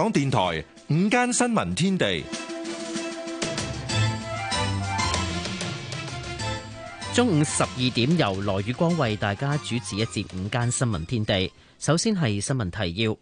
港電台午間新聞天地，中午十二點由羅宇光為大家主持一節午間新聞天地。首先係新聞提要。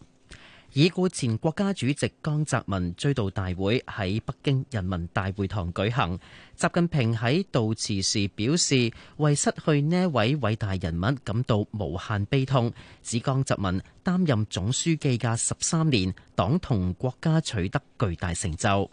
已故前國家主席江澤民追悼大會喺北京人民大會堂舉行，習近平喺悼詞時表示，為失去呢位偉大人物感到無限悲痛。指江澤民擔任總書記嘅十三年，黨同國家取得巨大成就。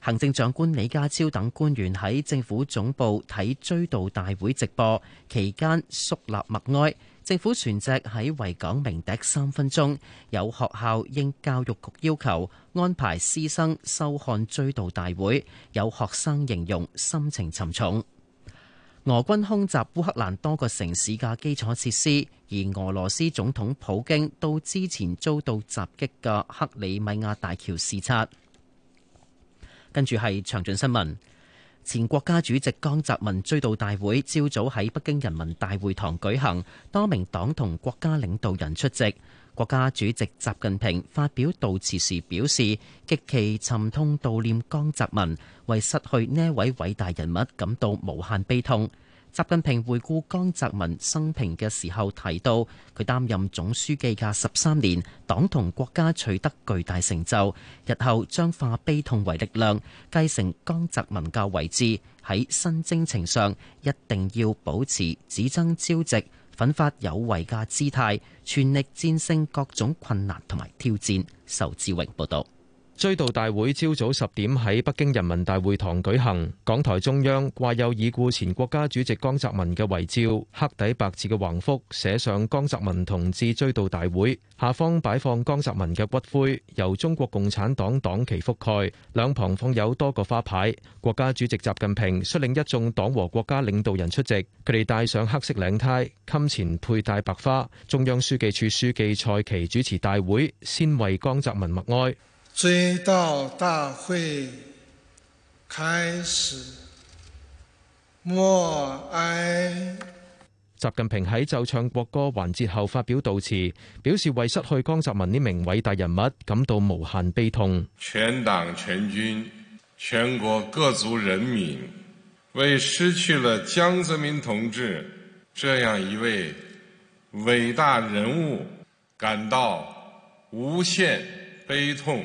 行政長官李家超等官員喺政府總部睇追悼大會直播期間，肅立默哀。政府船隻喺維港鳴笛三分鐘，有學校應教育局要求安排師生收看追悼大會，有學生形容心情沉重。俄軍空襲烏克蘭多個城市嘅基礎設施，而俄羅斯總統普京到之前遭到襲擊嘅克里米亞大橋視察。跟住係詳盡新聞。前國家主席江澤民追悼大會朝早喺北京人民大會堂舉行，多名黨同國家領導人出席。國家主席習近平發表悼詞時表示，極其沉痛悼念江澤民，為失去呢位偉大人物感到無限悲痛。習近平回顧江澤民生平嘅時候提到，佢擔任總書記嘅十三年，黨同國家取得巨大成就。日後將化悲痛為力量，繼承江澤民嘅遺志，喺新征程上一定要保持只爭朝夕、奮發有為嘅姿態，全力戰勝各種困難同埋挑戰。仇志榮報道。追悼大會朝早十點喺北京人民大會堂舉行。講台中央掛有已故前國家主席江澤民嘅遺照，黑底白字嘅橫幅寫上“江澤民同志追悼大會”，下方擺放江澤民嘅骨灰，由中國共產黨黨旗覆蓋，兩旁放有多個花牌。國家主席習近平率領一眾黨和國家領導人出席，佢哋戴上黑色領呔，襟前佩戴白花。中央書記處書記蔡奇主持大會，先為江澤民默哀。追悼大會開始，默哀。習近平喺奏唱國歌環節後發表悼詞，表示為失去江澤民呢名偉大人物感到無限悲痛。全黨全軍、全國各族人民為失去了江澤民同志這樣一位偉大人物感到無限悲痛。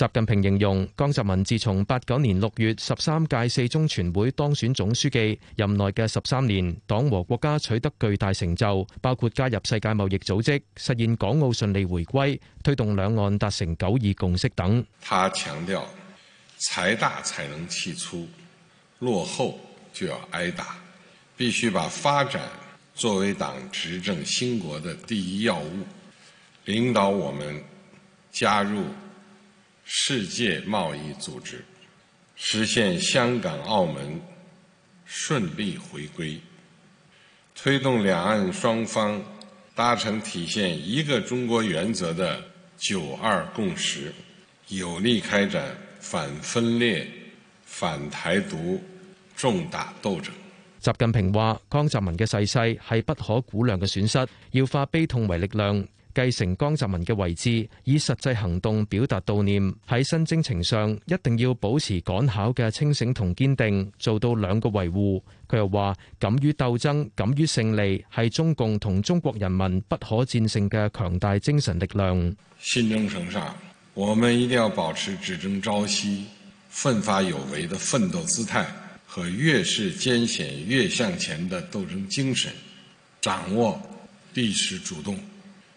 習近平形容江澤民自從八九年六月十三屆四中全會當選總書記，任內嘅十三年，黨和國家取得巨大成就，包括加入世界貿易組織、實現港澳順利回歸、推動兩岸達成九二共識等。他強調：財大才能氣粗，落後就要挨打，必須把發展作為黨執政興國的第一要務，領導我們加入。世界貿易組織實現香港澳門順利回歸，推動兩岸雙方達成體現一個中國原則的《九二共識》，有力開展反分裂、反台獨重大鬥爭。習近平話：江澤民嘅逝世係不可估量嘅損失，要化悲痛為力量。繼承江澤民嘅遺志，以實際行動表達悼念。喺新征程上，一定要保持趕考嘅清醒同堅定，做到兩個維護。佢又話：敢於鬥爭，敢於勝利，係中共同中國人民不可戰勝嘅強大精神力量。新征程上，我們一定要保持只爭朝夕、奮發有為嘅奮鬥姿態和越是艱險越向前的鬥爭精神，掌握歷史主動。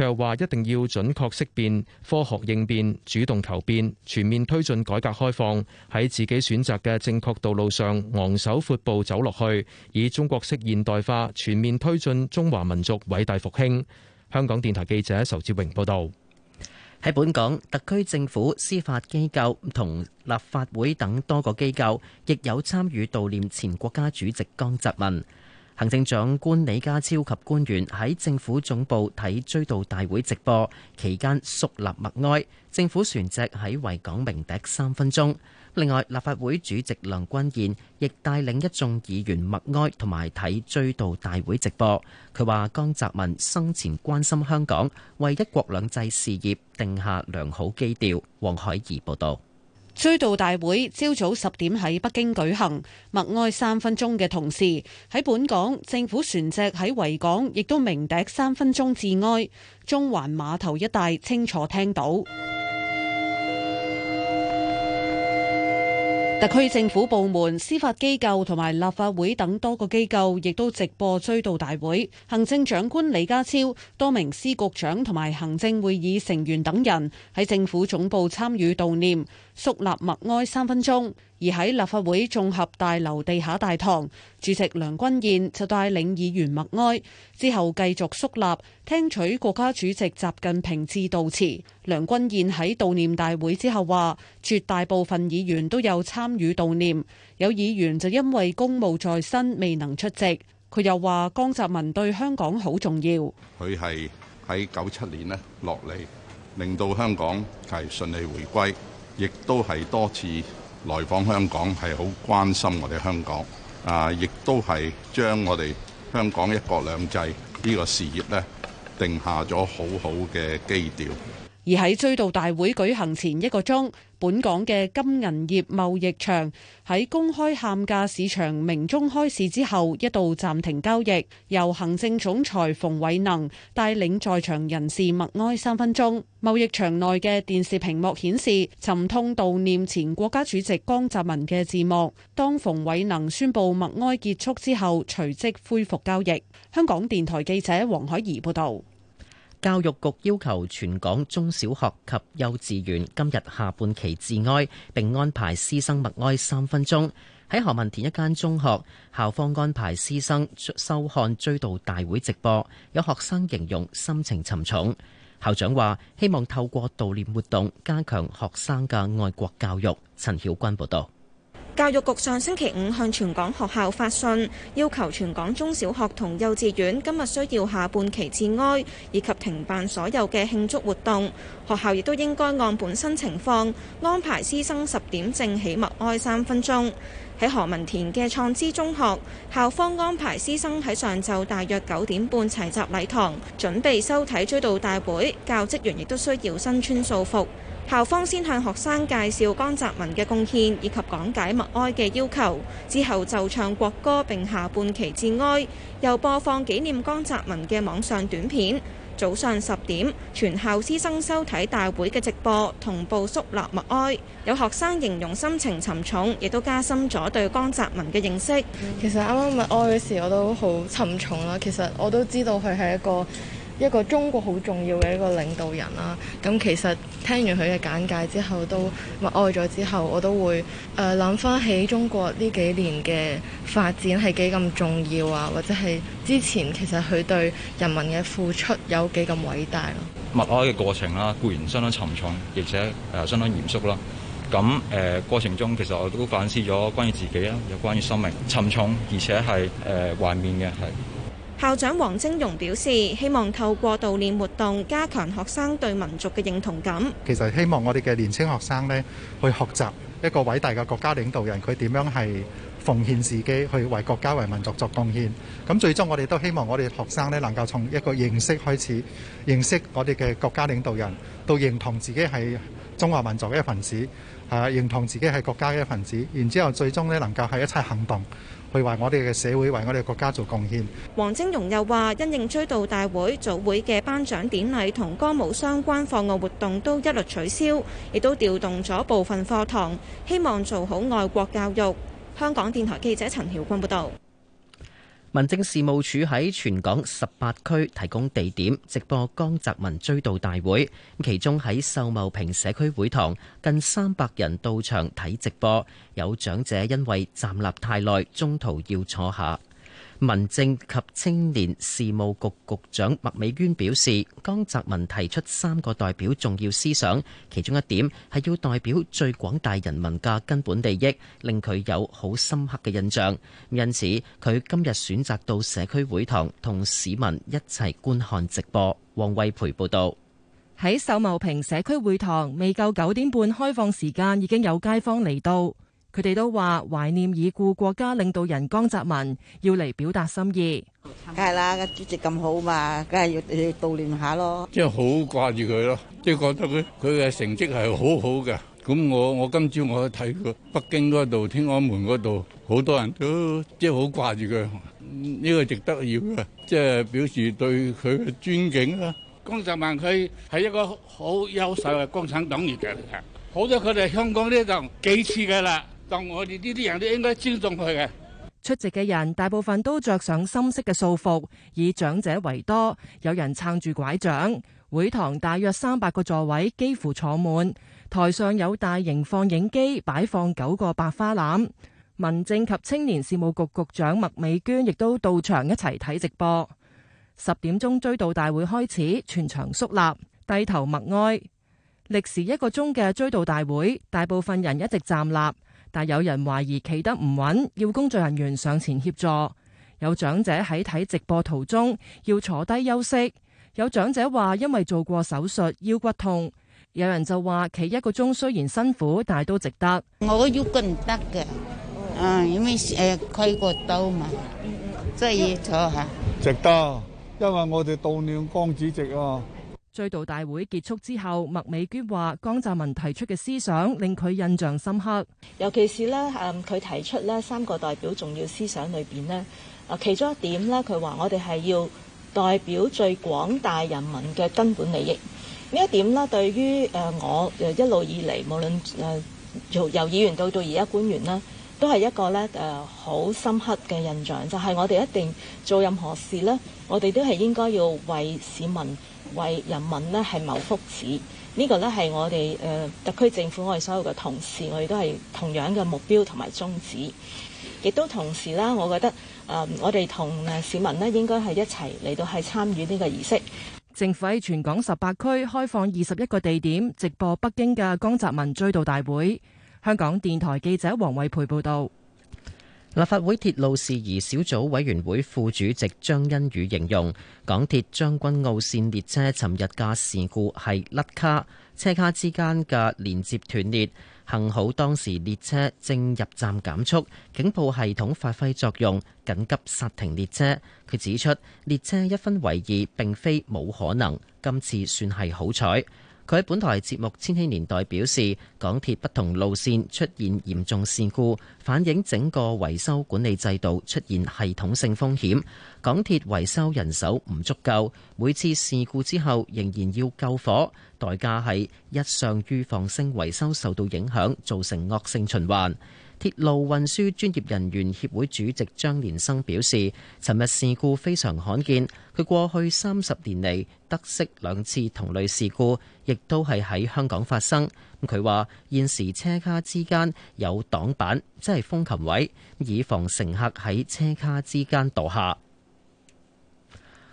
佢又話：一定要準確識變、科學應變、主動求變，全面推進改革開放，喺自己選擇嘅正確道路上昂首闊步走落去，以中國式現代化全面推進中華民族偉大復興。香港電台記者仇志榮報道。喺本港，特區政府、司法機構同立法會等多個機構亦有參與悼念前國家主席江澤民。行政長官李家超及官員喺政府總部睇追悼大會直播，期間肅立默哀。政府船隻喺維港鳴笛三分鐘。另外，立法會主席梁君彥亦帶領一眾議員默哀同埋睇追悼大會直播。佢話江澤民生前關心香港，為一國兩制事業定下良好基調。黃海怡報導。追悼大會朝早十點喺北京舉行，默哀三分鐘嘅同時，喺本港政府船隻喺維港亦都鳴笛三分鐘致哀，中環碼頭一帶清楚聽到。特區政府部門、司法機構同埋立法會等多個機構亦都直播追悼大會。行政長官李家超、多名司局長同埋行政會議成員等人喺政府總部參與悼念。肅立默哀三分鐘，而喺立法會綜合大樓地下大堂，主席梁君彥就帶領議員默哀，之後繼續肅立聽取國家主席習近平致悼詞。梁君彥喺悼念大會之後話：絕大部分議員都有參與悼念，有議員就因為公務在身未能出席。佢又話：江澤民對香港好重要，佢係喺九七年咧落嚟，令到香港係順利回歸。亦都係多次來訪香港，係好關心我哋香港，啊！亦都係將我哋香港一國兩制呢個事業呢，定下咗好好嘅基調。而喺追悼大會舉行前一個鐘，本港嘅金銀業貿易場喺公開喊價市場明中開市之後一度暫停交易，由行政總裁馮偉能帶領在場人士默哀三分鐘。貿易場內嘅電視屏幕顯示沉痛悼念前國家主席江澤民嘅字幕。當馮偉能宣佈默哀結束之後，隨即恢復交易。香港電台記者黃海怡報道。教育局要求全港中小學及幼稚園今日下半旗致哀，並安排師生默哀三分鐘。喺何文田一間中學，校方安排師生收看追悼大會直播，有學生形容心情沉重。校長話希望透過悼念活動加強學生嘅愛國教育。陳曉君報道。教育局上星期五向全港學校發信，要求全港中小學同幼稚園今日需要下半旗致哀，以及停辦所有嘅慶祝活動。學校亦都應該按本身情況安排師生十點正起默哀三分鐘。喺何文田嘅創知中學，校方安排師生喺上晝大約九點半齊集禮堂，準備收睇追悼大會。教職員亦都需要身穿素服。校方先向學生介紹江澤民嘅貢獻以及講解默哀嘅要求，之後就唱國歌並下半旗致哀，又播放紀念江澤民嘅網上短片。早上十點，全校師生收睇大會嘅直播，同步肅立默哀。有學生形容心情沉重，亦都加深咗對江澤民嘅認識。其實啱啱默哀嘅時，我都好沉重啦。其實我都知道佢係一個。一個中國好重要嘅一個領導人啦，咁其實聽完佢嘅簡介之後都默哀咗之後，我都會誒諗返起中國呢幾年嘅發展係幾咁重要啊，或者係之前其實佢對人民嘅付出有幾咁偉大咯。默哀嘅過程啦，固然相當沉重，而且相當嚴肅啦。咁、呃、過程中，其實我都反思咗關於自己啦，有關於生命，沉重而且係誒懷念嘅係。呃校長黃晶容表示，希望透過悼念活動加強學生對民族嘅認同感。其實希望我哋嘅年輕學生呢去學習一個偉大嘅國家領導人，佢點樣係奉獻自己，去為國家為民族作貢獻。咁最終我哋都希望我哋學生呢能夠從一個認識開始，認識我哋嘅國家領導人，到認同自己係中華民族嘅一份子，嚇、啊、認同自己係國家嘅一份子，然之後最終呢能夠喺一齊行動。去為我哋嘅社會、為我哋國家做貢獻。黃晶容又話，因應追悼大會、早會嘅頒獎典禮同歌舞相關課外活動都一律取消，亦都調動咗部分課堂，希望做好外國教育。香港電台記者陳曉君報導。民政事務處喺全港十八區提供地點直播江澤民追悼大會，其中喺秀茂坪社區會堂近三百人到場睇直播，有長者因為站立太耐，中途要坐下。民政及青年事務局局長麥美娟表示，江澤民提出三個代表重要思想，其中一點係要代表最廣大人民嘅根本利益，令佢有好深刻嘅印象。因此，佢今日選擇到社區會堂同市民一齊觀看直播。黃慧培報導，喺秀茂坪社區會堂，未夠九點半開放時間，已經有街坊嚟到。佢哋都話懷念已故國家領導人江澤民，要嚟表達心意。梗係啦，個主席咁好嘛，梗係要要悼念下咯。即係好掛住佢咯，即係覺得佢佢嘅成績係好好嘅。咁我我今朝我去睇個北京嗰度天安門嗰度，好多人都即係好掛住佢。呢個值得要嘅，即係表示對佢嘅尊敬啦。江澤民佢係一個好優秀嘅共產黨員嚟嘅，好多佢哋香港咧就幾次嘅啦。當我哋呢啲人都應該尊重佢嘅。出席嘅人，大部分都著上深色嘅素服，以長者為多，有人撐住拐杖。會堂大約三百個座位幾乎坐滿，台上有大型放映機，擺放九個白花籃。民政及青年事務局局長麥美娟亦都到場一齊睇直播。十點鐘追悼大會開始，全場肅立，低頭默哀。歷時一個鐘嘅追悼大會，大部分人一直站立。但有人懷疑企得唔穩，要工作人員上前協助。有長者喺睇直播途中要坐低休息，有長者話因為做過手術腰骨痛。有人就話企一個鐘雖然辛苦，但係都值得。我腰骨唔得嘅，啊，因為誒開過刀嘛，即係要坐下。值得，因為我哋悼念江主席啊。追悼大會結束之後，麥美娟話江澤民提出嘅思想令佢印象深刻，尤其是呢，誒，佢提出呢三個代表重要思想裏邊呢，啊，其中一點呢，佢話我哋係要代表最廣大人民嘅根本利益，呢一點呢，對於誒我誒一路以嚟，無論誒由由議員到到而家官員呢，都係一個呢誒好深刻嘅印象，就係我哋一定做任何事呢，我哋都係應該要為市民。為人民咧係謀福祉，呢、這個咧係我哋誒、呃、特區政府，我哋所有嘅同事，我哋都係同樣嘅目標同埋宗旨，亦都同時啦。我覺得誒、呃，我哋同誒市民咧應該係一齊嚟到係參與呢個儀式。政府喺全港十八區開放二十一個地點直播北京嘅江澤民追悼大會。香港電台記者黃惠培報導。立法會鐵路事宜小組委員會副主席張欣宇形容，港鐵將軍澳綫列車尋日嘅事故係甩卡，車卡之間嘅連接斷裂，幸好當時列車正入站減速，警報系統發揮作用，緊急剎停列車。佢指出，列車一分為二，並非冇可能，今次算係好彩。佢喺本台節目《千禧年代》表示，港鐵不同路線出現嚴重事故，反映整個維修管理制度出現系統性風險。港鐵維修人手唔足夠，每次事故之後仍然要救火，代價係日常預防性維修受到影響，造成惡性循環。鐵路運輸專業人員協會主席張連生表示，尋日事故非常罕見。佢過去三十年嚟得悉兩次同類事故，亦都係喺香港發生。佢話，現時車卡之間有擋板，即係風琴位，以防乘客喺車卡之間墮下。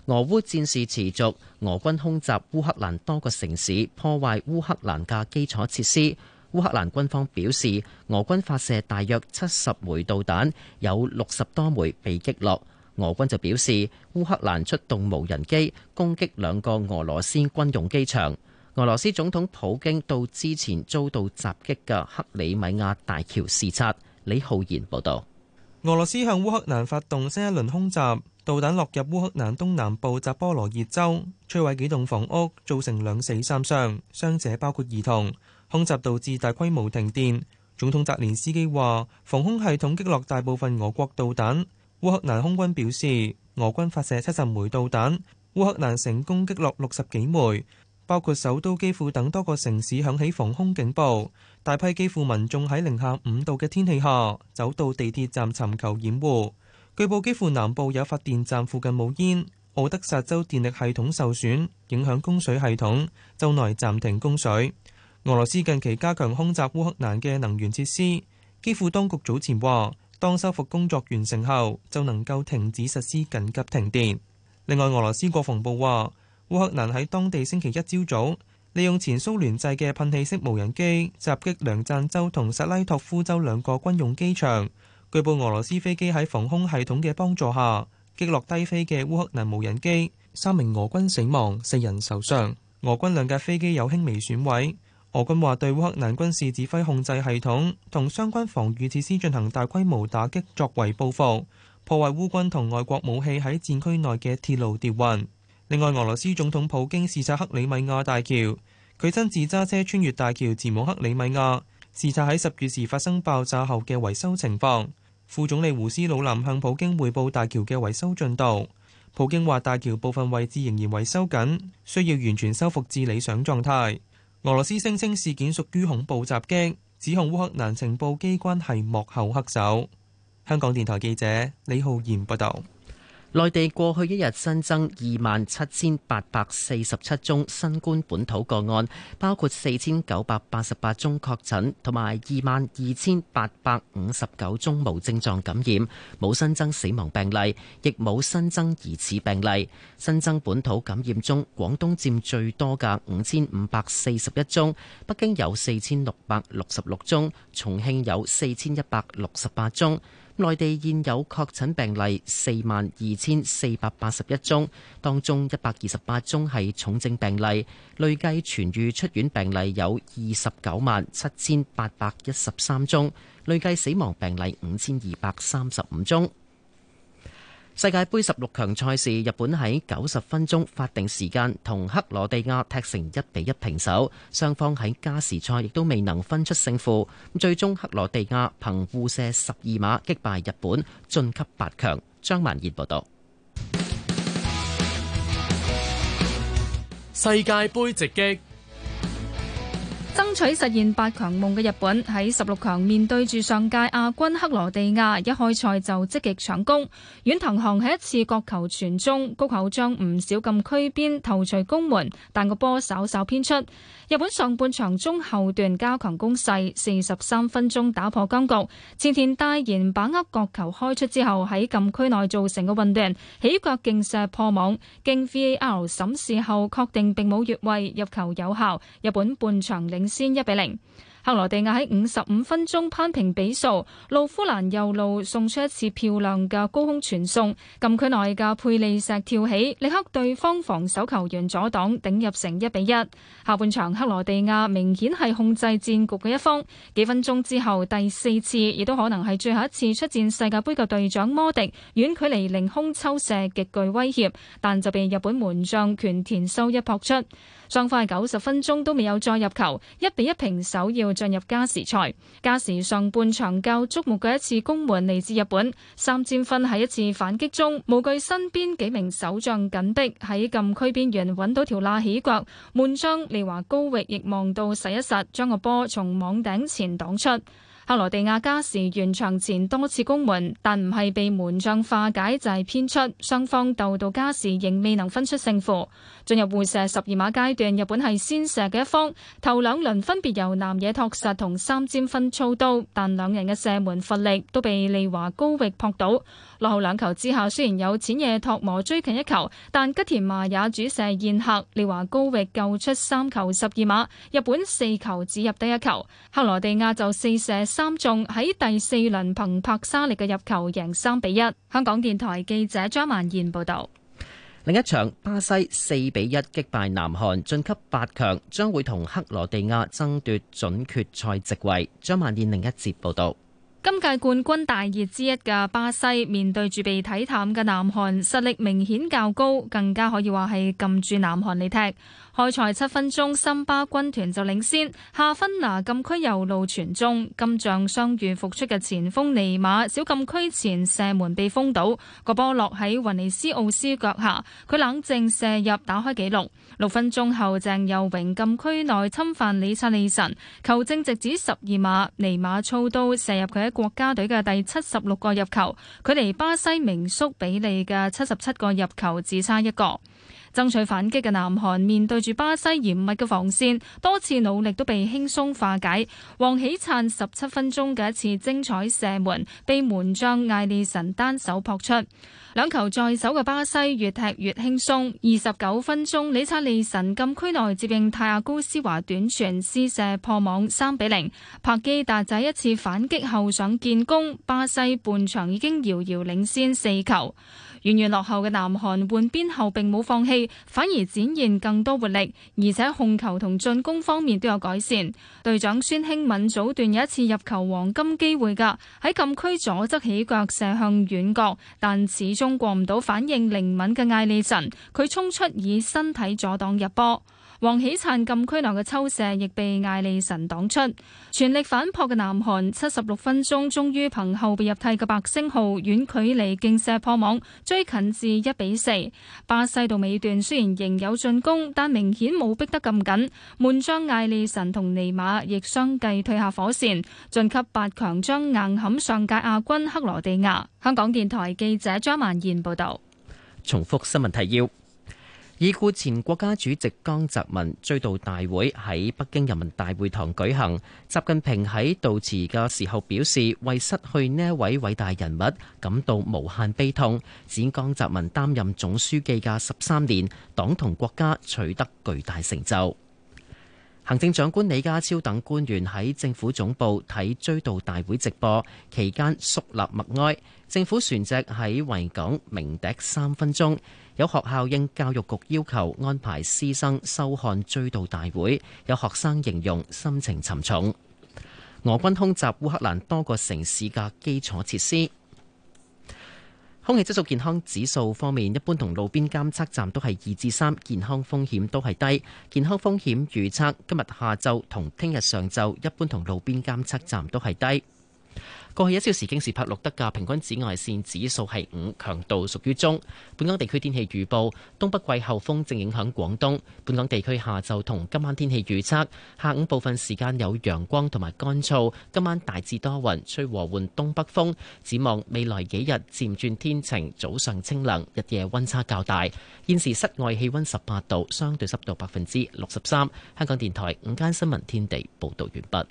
俄烏戰事持續，俄軍空襲烏克蘭多個城市，破壞烏克蘭嘅基礎設施。烏克蘭軍方表示，俄軍發射大約七十枚導彈，有六十多枚被擊落。俄軍就表示，烏克蘭出動無人機攻擊兩個俄羅斯軍用機場。俄羅斯總統普京到之前遭到襲擊嘅克里米亞大橋視察。李浩然報道：俄羅斯向烏克蘭發動新一輪空襲，導彈落入烏克蘭東南部扎波羅熱州，摧毀幾棟房屋，造成兩死三傷，傷者包括兒童。空襲導致大規模停電。總統澤連斯基話：防空系統擊落大部分俄國導彈。烏克蘭空軍表示，俄軍發射七十枚導彈，烏克蘭成功擊落六十幾枚。包括首都基輔等多個城市響起防空警報，大批基輔民眾喺零下五度嘅天氣下走到地鐵站尋求掩護。據報基輔南部有發電站附近冒煙，奧德薩州電力系統受損，影響供水系統，周內暫停供水。俄羅斯近期加強空襲烏克蘭嘅能源設施。基輔當局早前話，當修復工作完成後，就能夠停止實施緊急停電。另外，俄羅斯國防部話，烏克蘭喺當地星期一朝早利用前蘇聯製嘅噴氣式無人機襲擊梁贊州同薩拉托夫州兩個軍用機場。據報，俄羅斯飛機喺防空系統嘅幫助下擊落低飛嘅烏克蘭無人機，三名俄軍死亡，四人受傷，俄軍兩架飛機有輕微損毀。俄軍話對烏克蘭軍事指揮控制系統同相關防禦設施進行大規模打擊，作為報復，破壞烏軍同外國武器喺戰區內嘅鐵路調運。另外，俄羅斯總統普京視察克里米亞大橋，佢親自揸車穿越大橋前往克里米亞，視察喺十月時發生爆炸後嘅維修情況。副總理胡斯魯林向普京匯報大橋嘅維修進度。普京話大橋部分位置仍然維修緊，需要完全修復至理想狀態。俄羅斯聲稱事件屬於恐怖襲擊，指控烏克蘭情報機關係幕後黑手。香港電台記者李浩然報道。內地過去一日新增二萬七千八百四十七宗新冠本土個案，包括四千九百八十八宗確診，同埋二萬二千八百五十九宗無症狀感染，冇新增死亡病例，亦冇新增疑似病例。新增本土感染中，廣東佔最多嘅五千五百四十一宗，北京有四千六百六十六宗，重慶有四千一百六十八宗。內地現有確診病例四萬二千四百八十一宗，當中一百二十八宗係重症病例，累計痊癒出院病例有二十九萬七千八百一十三宗，累計死亡病例五千二百三十五宗。世界杯十六強賽事，日本喺九十分鐘法定時間同克羅地亞踢成一比一平手，雙方喺加時賽亦都未能分出勝負。最終克羅地亞憑互射十二碼擊敗日本，晉級八強。張萬業報道。世界盃直擊。爭取實現八強夢嘅日本喺十六強面對住上屆亞軍克羅地亞，一開賽就積極搶攻。遠藤航喺一次角球傳中，谷口將唔少禁區邊頭槌攻門，但個波稍稍偏出。日本上半場中後段加強攻勢，四十三分鐘打破僵局。前田大然把握角球開出之後喺禁區內造成嘅混亂，起腳勁射破網，經 VAR 審視後確定並冇越位，入球有效。日本半場領。先一比零，克羅地亞喺五十五分鐘攀平比數，路夫蘭右路送出一次漂亮嘅高空傳送，禁區內嘅佩利石跳起，力克對方防守球員阻擋，頂入成一比一。下半場克羅地亞明顯係控制戰局嘅一方，幾分鐘之後第四次，亦都可能係最後一次出戰世界杯嘅隊長摩迪遠距離凌空抽射，極具威脅，但就被日本門將權田修一撲出。雙方九十分鐘都未有再入球，一比一平手，要進入加時賽。加時上半場較觸目嘅一次攻門嚟自日本三戰分喺一次反擊中，無懼身邊幾名守將緊逼，喺禁區邊緣揾到條罅起腳，門將利華高域亦望到實一實將個波從網頂前擋出。克羅地亞加時完場前多次攻門，但唔係被門將化解就係偏出，雙方鬥到加時仍未能分出勝負。進入互射十二碼階段，日本係先射嘅一方，頭兩輪分別由南野拓實同三笘薰操刀，但兩人嘅射門乏力都被利華高域撲倒。落後兩球之下，雖然有淺野拓磨追近一球，但吉田麻也主射宴客，利華高域救出三球十二碼，日本四球只入得一球。克羅地亞就四射三中，喺第四輪憑帕沙力嘅入球贏三比一。香港電台記者張曼燕報導。另一場巴西四比一擊敗南韓晉級八強，將會同克羅地亞爭奪準決賽席位。張萬燕另一節報道。今屆冠軍大熱之一嘅巴西面對住被睇淡嘅南韓，實力明顯較高，更加可以話係撳住南韓嚟踢。開賽七分鐘，森巴軍團就領先。夏芬拿禁區右路傳中，金像傷愈復出嘅前鋒尼馬小禁區前射門被封堵，個波落喺雲尼斯奧斯腳下，佢冷靜射入打開紀錄。六分鐘後，鄭又榮禁區內侵犯里察利臣，球證直指十二碼，尼馬操刀射入佢喺國家隊嘅第七十六個入球，距離巴西名宿比利嘅七十七個入球只差一個。爭取反擊嘅南韓，面對住巴西嚴密嘅防線，多次努力都被輕鬆化解。黃喜燦十七分鐘嘅一次精彩射門，被門將艾利神單手撲出。兩球在手嘅巴西越踢越輕鬆。二十九分鐘，里察利神禁區內接應泰亞高斯華短傳施射破網，三比零。帕基達仔一次反擊後想建功，巴西半場已經遙遙領先四球。遠遠落後嘅南韓換邊後並冇放棄，反而展現更多活力，而且控球同進攻方面都有改善。隊長孫興敏早段有一次入球黃金機會噶喺禁區左側起腳射向遠角，但始終過唔到反應靈敏嘅艾利臣，佢衝出以身體阻擋入波。黃喜燦禁區內嘅抽射亦被艾利臣擋出，全力反撲嘅南韓七十六分鐘終於憑後備入替嘅白星浩遠距離勁射破網，追近至一比四。巴西到尾段雖然仍有進攻，但明顯冇逼得咁緊，門將艾利臣同尼馬亦相繼退下火線，晉級八強將硬撼上屆亞軍克羅地亞。香港電台記者張曼燕報道。重複新聞提要。已故前國家主席江澤民追悼大會喺北京人民大會堂舉行，習近平喺悼詞嘅時候表示，為失去呢一位偉大人物感到無限悲痛。指江澤民擔任總書記嘅十三年，黨同國家取得巨大成就。行政長官李家超等官員喺政府總部睇追悼大會直播，期間肅立默哀。政府船隻喺維港鳴笛三分鐘。有學校應教育局要求安排師生收看追悼大會，有學生形容心情沉重。俄軍空襲烏克蘭多個城市嘅基礎設施。空氣質素健康指數方面，一般同路邊監測站都係二至三，健康風險都係低。健康風險預測今日下晝同聽日上晝，一般同路邊監測站都係低。過去一小時經時拍錄得嘅，平均紫外線指數係五，強度屬於中。本港地區天氣預報，東北季候風正影響廣東。本港地區下晝同今晚天氣預測，下午部分時間有陽光同埋乾燥，今晚大致多雲，吹和緩東北風。展望未來幾日漸轉天晴，早上清涼，日夜温差較大。現時室外氣温十八度，相對濕度百分之六十三。香港電台午間新聞天地報導完畢。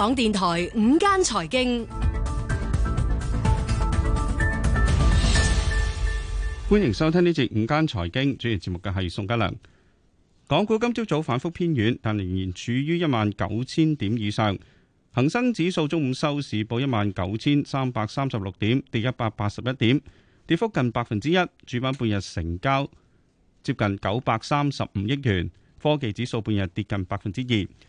港電台午間財經，歡迎收聽呢節午間財經。主持節目嘅係宋家良。港股今朝早，早反覆偏軟，但仍然處於一萬九千點以上。恒生指數中午收市報一萬九千三百三十六點，跌一百八十一點，跌幅近百分之一。主板半日成交接近九百三十五億元。科技指數半日跌近百分之二。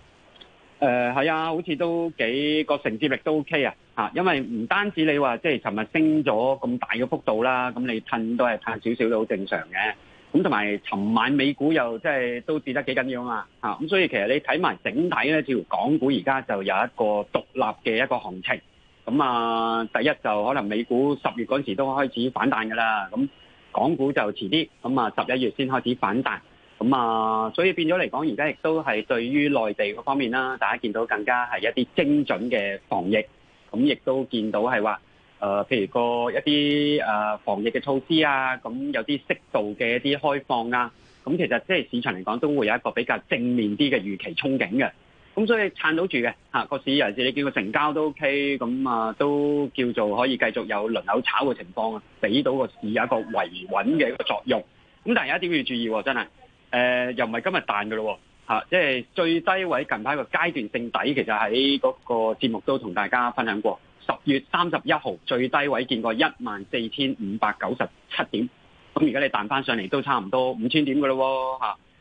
誒，係、呃、啊，好似都幾個承接力都 OK 啊，吓，因為唔單止你話即係尋日升咗咁大嘅幅度啦，咁你褪都係褪少少都好正常嘅。咁同埋尋晚美股又即係都跌得幾緊要啊，吓、啊，咁所以其實你睇埋整體咧，似乎港股而家就有一個獨立嘅一個行情。咁啊，第一就可能美股十月嗰時都開始反彈噶啦，咁港股就遲啲，咁啊十一月先開始反彈。咁啊、嗯，所以變咗嚟講，而家亦都係對於內地嗰方面啦，大家見到更加係一啲精準嘅防疫，咁、嗯、亦都見到係話誒，譬如個一啲誒、呃、防疫嘅措施啊，咁、嗯、有啲適度嘅一啲開放啊，咁、嗯、其實即係市場嚟講都會有一個比較正面啲嘅預期憧憬嘅，咁、嗯、所以撐到住嘅吓、啊、個市尤其是你見個成交都 OK，咁、嗯、啊都叫做可以繼續有輪流炒嘅情況啊，俾到個市有一個維穩嘅一個作用。咁、嗯、但係有一點要注意、啊，真係。誒、呃、又唔係今日彈嘅咯喎，即、啊、係、就是、最低位近排個階段性底，其實喺嗰個節目都同大家分享過。十月三十一號最低位見過一萬四千五百九十七點，咁而家你彈翻上嚟都差唔多五千點嘅咯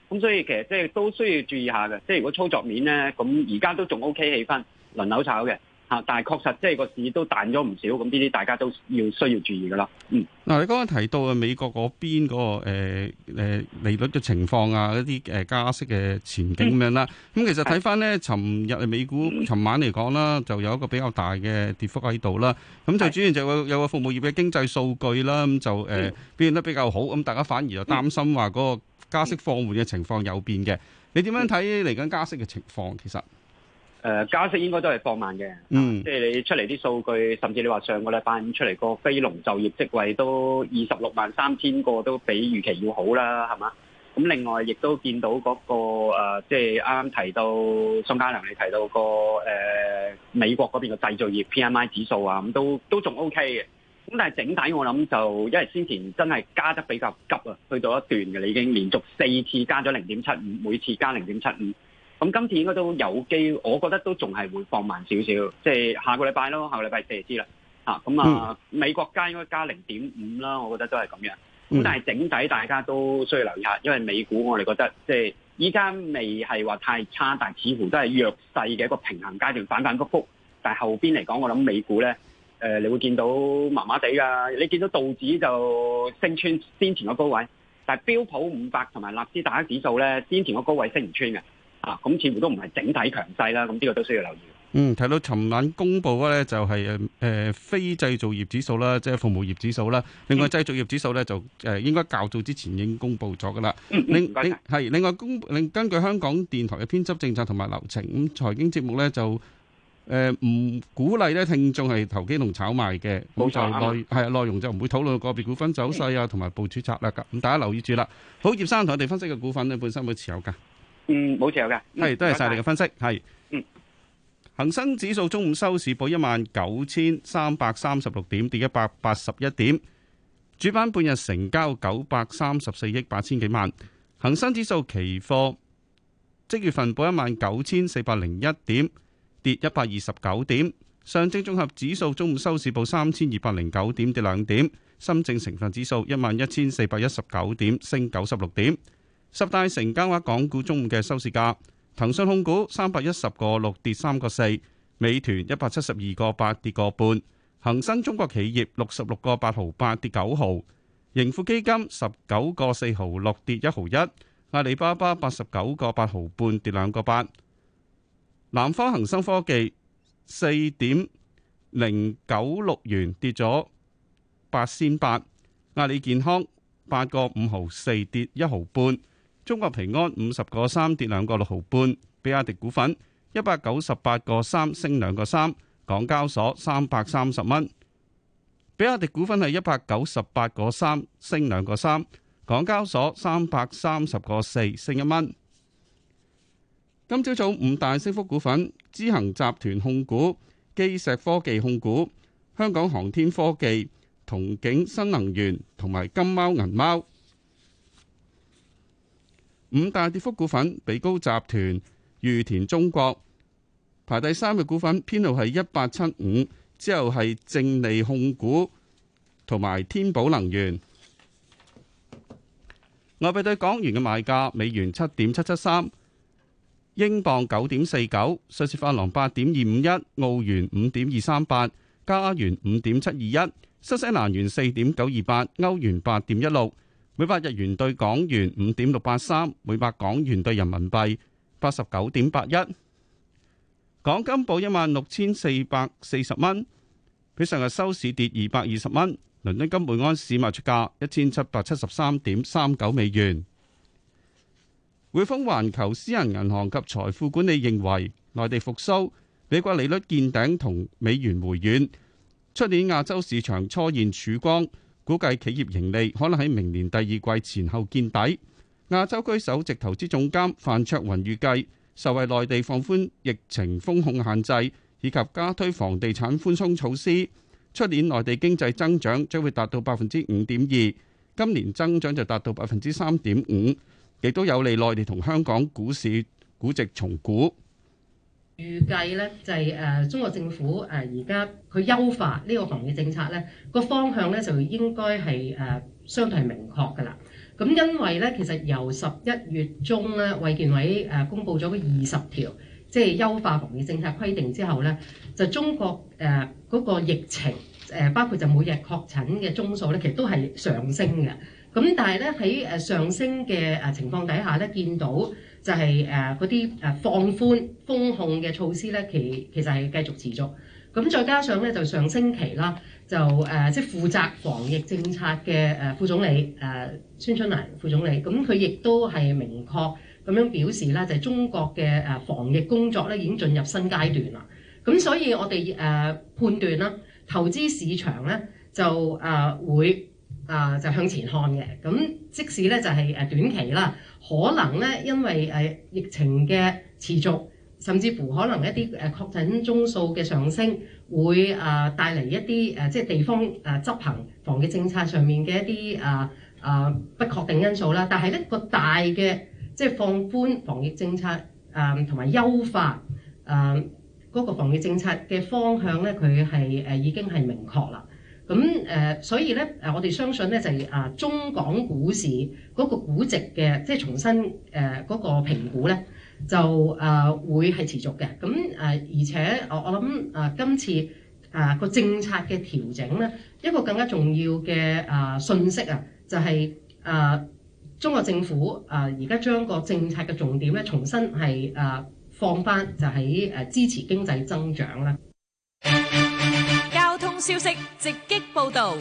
喎，咁、啊、所以其實即係都需要注意一下嘅。即、就、係、是、如果操作面咧，咁而家都仲 OK 氣氛，輪流炒嘅。啊！但係確實，即係個市都彈咗唔少，咁呢啲大家都要需要注意噶啦。嗯，嗱，你剛剛提到啊，美國嗰邊嗰、嗰個、呃、利率嘅情況啊，一啲誒加息嘅前景咁樣啦。咁、嗯、其實睇翻咧，尋的日美股尋晚嚟講啦，就有一個比較大嘅跌幅喺度啦。咁就主要就有，有個服務業嘅經濟數據啦，咁就誒、呃、的表現得比較好。咁大家反而就擔心話嗰個加息放緩嘅情況有變嘅。你點樣睇嚟緊加息嘅情況？其實？誒加息應該都係放慢嘅，嗯、即係你出嚟啲數據，甚至你話上個禮拜五出嚟個非農就業職位都二十六萬三千個，都比預期要好啦，係嘛？咁、嗯、另外亦都見到嗰、嗰個、呃、即係啱啱提到宋嘉良你提到、嗰個誒、呃、美國嗰邊嘅製造業 P M I 指數啊，咁都都仲 O K 嘅。咁但係整體我諗就因為先前真係加得比較急啊，去到一段嘅，你已經連續四次加咗零點七五，每次加零點七五。咁今次應該都有機，我覺得都仲係會放慢少少，即係下個禮拜咯，下個禮拜四就知啦。咁啊，啊嗯、美國加應該加零點五啦，我覺得都係咁樣。咁但係整體大家都需要留意下，因為美股我哋覺得即係依家未係話太差，但係似乎都係弱勢嘅一個平衡階段，反反覆覆。但係後邊嚟講，我諗美股咧，呃，你會見到麻麻地㗎。你見到道指就升穿先前個高位，但係標普五百同埋納斯達克指數咧，先前個高位升唔穿嘅。啊，咁似乎都唔係整體強勢啦，咁呢個都需要留意。嗯，睇到尋晚公布咧就係誒誒非製造業指數啦，即係服務業指數啦。另外製造業指數咧就誒應該較早之前已經公布咗噶啦。嗯，係。另外公，另根據香港電台嘅編輯政策同埋流程，咁財經節目咧就誒唔鼓勵咧聽眾係投機同炒賣嘅。冇錯。係內容就唔會討論個別股份走勢啊，同埋部署策略噶。咁大家留意住啦。好，葉生同我哋分析嘅股份咧，本身會持有噶。嗯，冇錯嘅。係、嗯，多謝晒你嘅分析。係，嗯，恒生指數中午收市報一萬九千三百三十六點，跌一百八十一點。主板半日成交九百三十四億八千幾萬。恒生指數期貨即月份報一萬九千四百零一點，跌一百二十九點。上證綜合指數中午收市報三千二百零九點，跌兩點。深證成分指數一萬一千四百一十九點，升九十六點。十大成交額港股中午嘅收市價：騰訊控股三百一十個六跌三個四，美團一百七十二個八跌個半，恒生中國企業六十六個八毫八跌九毫，盈富基金十九個四毫六跌一毫一，阿里巴巴八十九個八毫半跌兩個八，南方恒生科技四點零九六元跌咗八仙八，阿里健康八個五毫四跌一毫半。中國平安五十個三跌兩個六毫半，比亞迪股份一百九十八個三升兩個三，港交所三百三十蚊。比亞迪股份係一百九十八個三升兩個三，港交所三百三十個四升一蚊。今朝早，早五大升幅股份：支行集團控股、基石科技控股、香港航天科技、同景新能源同埋金貓銀貓。五大跌幅股份：比高集團、裕田中國。排第三嘅股份編號係一八七五，之後係正利控股同埋天寶能源。外幣對港元嘅賣價：美元七點七七三，英鎊九點四九，瑞士法郎八點二五一，澳元五點二三八，加元五點七二一，新西蘭元四點九二八，歐元八點一六。每百日元兌港元五點六八三，每百港元兌人民幣八十九點八一。港金報一萬六千四百四十蚊，比上日收市跌二百二十蚊。倫敦金每盎司賣出價一千七百七十三點三九美元。匯豐環球私人銀行及財富管理認為，內地復甦、美國利率見頂同美元回軟，出年亞洲市場初現曙光。估計企業盈利可能喺明年第二季前後見底。亞洲區首席投資總監范卓雲預計，受惠內地放寬疫情風控限制，以及加推房地產寬鬆措施，出年內地經濟增長將會達到百分之五點二，今年增長就達到百分之三點五，亦都有利內地同香港股市估值重估。預計咧就係誒中國政府誒而家佢優化呢個防疫政策咧個方向咧就應該係誒相對明確㗎啦。咁因為咧其實由十一月中咧衞健委誒公布咗二十條即係優化防疫政策規定之後咧，就中國誒嗰個疫情誒包括就每日確診嘅宗數咧，其實都係上升嘅。咁但係咧喺上升嘅情況底下咧，見到就係誒嗰啲誒放寬封控嘅措施咧，其其實係繼續持續。咁再加上咧就上星期啦，就誒即係負責防疫政策嘅誒副總理誒孫春蘭副總理，咁佢亦都係明確咁樣表示啦，就係、是、中國嘅防疫工作咧已經進入新階段啦。咁所以我哋誒、啊、判斷啦，投資市場咧就誒、啊、會。啊，就向前看嘅，咁即使咧就係誒短期啦，可能咧因為、啊、疫情嘅持續，甚至乎可能一啲、啊、確診宗數嘅上升，會啊帶嚟一啲、啊、即係地方誒、啊、執行防疫政策上面嘅一啲啊，啊，啊不確定因素啦。但係呢個大嘅即係放寬防疫政策啊，同埋優化啊嗰個防疫政策嘅方向咧，佢係、啊、已經係明確啦。咁誒，所以咧誒，我哋相信咧就係啊，中港股市嗰個估值嘅即係重新誒嗰個評估咧，就誒會係持續嘅。咁誒，而且我我諗啊，今次啊個政策嘅調整咧，一個更加重要嘅啊信息啊，就係啊中國政府啊而家將個政策嘅重點咧，重新係啊放翻就喺、是、誒支持經濟增長啦。消息直擊報道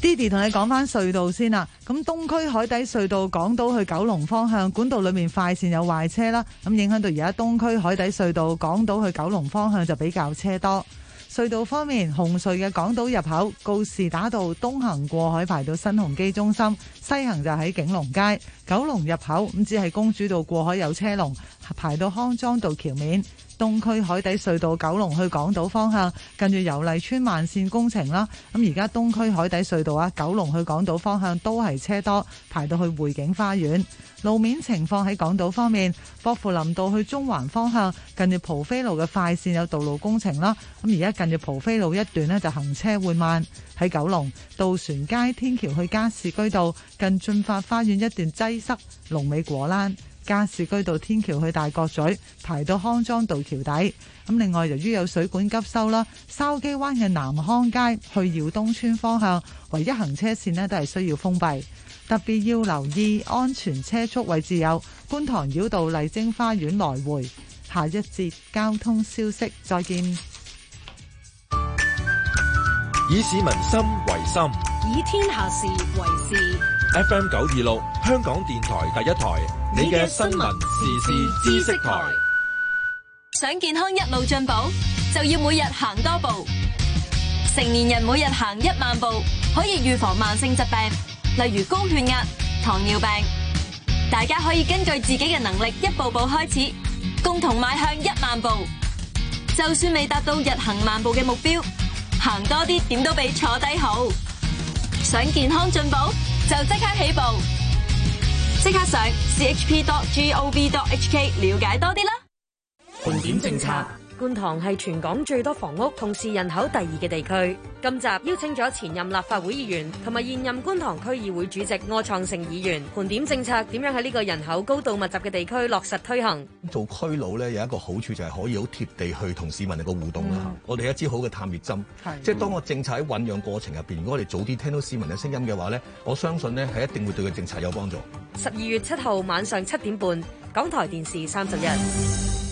，Didi 同你講返隧道先啦。咁東區海底隧道港島去九龍方向管道裏面快線有壞車啦，咁影響到而家東區海底隧道港島去九龍方向就比較車多。隧道方面，紅隧嘅港島入口告士打道東行過海排到新鴻基中心，西行就喺景隆街。九龍入口咁只係公主道過海有車龍排到康莊道橋面，東區海底隧道九龍去港島方向，近住油麗邨慢線工程啦。咁而家東區海底隧道啊，九龍去港島方向都係車多，排到去匯景花園。路面情況喺港島方面，薄扶林道去中環方向，近住蒲飛路嘅快線有道路工程啦。咁而家近住蒲飛路一段呢，就行車緩慢。喺九龍渡船街天橋去加士居道近駿發花園一段擠。塞龍尾果欄，加士居道天橋去大角咀，排到康莊道橋底。咁另外，由於有水管急修啦，筲箕灣嘅南康街去耀東邨方向唯一行車線呢都係需要封閉。特別要留意安全車速位置，有觀塘繞道麗晶花園來回。下一節交通消息，再見。以市民心為心，以天下事為事。FM 九二六香港電台第一台，你嘅新聞時事知識台。想健康一路進步，就要每日行多步。成年人每日行一萬步，可以預防慢性疾病，例如高血壓、糖尿病。大家可以根據自己嘅能力，一步步開始，共同邁向一萬步。就算未達到日行萬步嘅目標，行多啲點都比坐低好。想健康進步。。就即刻起步，即刻上，上 chp.gov.hk 了解多啲啦。重點政策。觀塘係全港最多房屋，同時人口第二嘅地區。今集邀請咗前任立法會議員同埋現任觀塘區議會主席柯創成議員，盤點政策點樣喺呢個人口高度密集嘅地區落實推行。做區佬咧，有一個好處就係可以好貼地去同市民嚟個互動啦。我哋一支好嘅探熱針，即係當個政策喺醖釀過程入邊，如果我哋早啲聽到市民嘅聲音嘅話咧，我相信咧係一定會對個政策有幫助。十二月七號晚上七點半，港台電視三十一。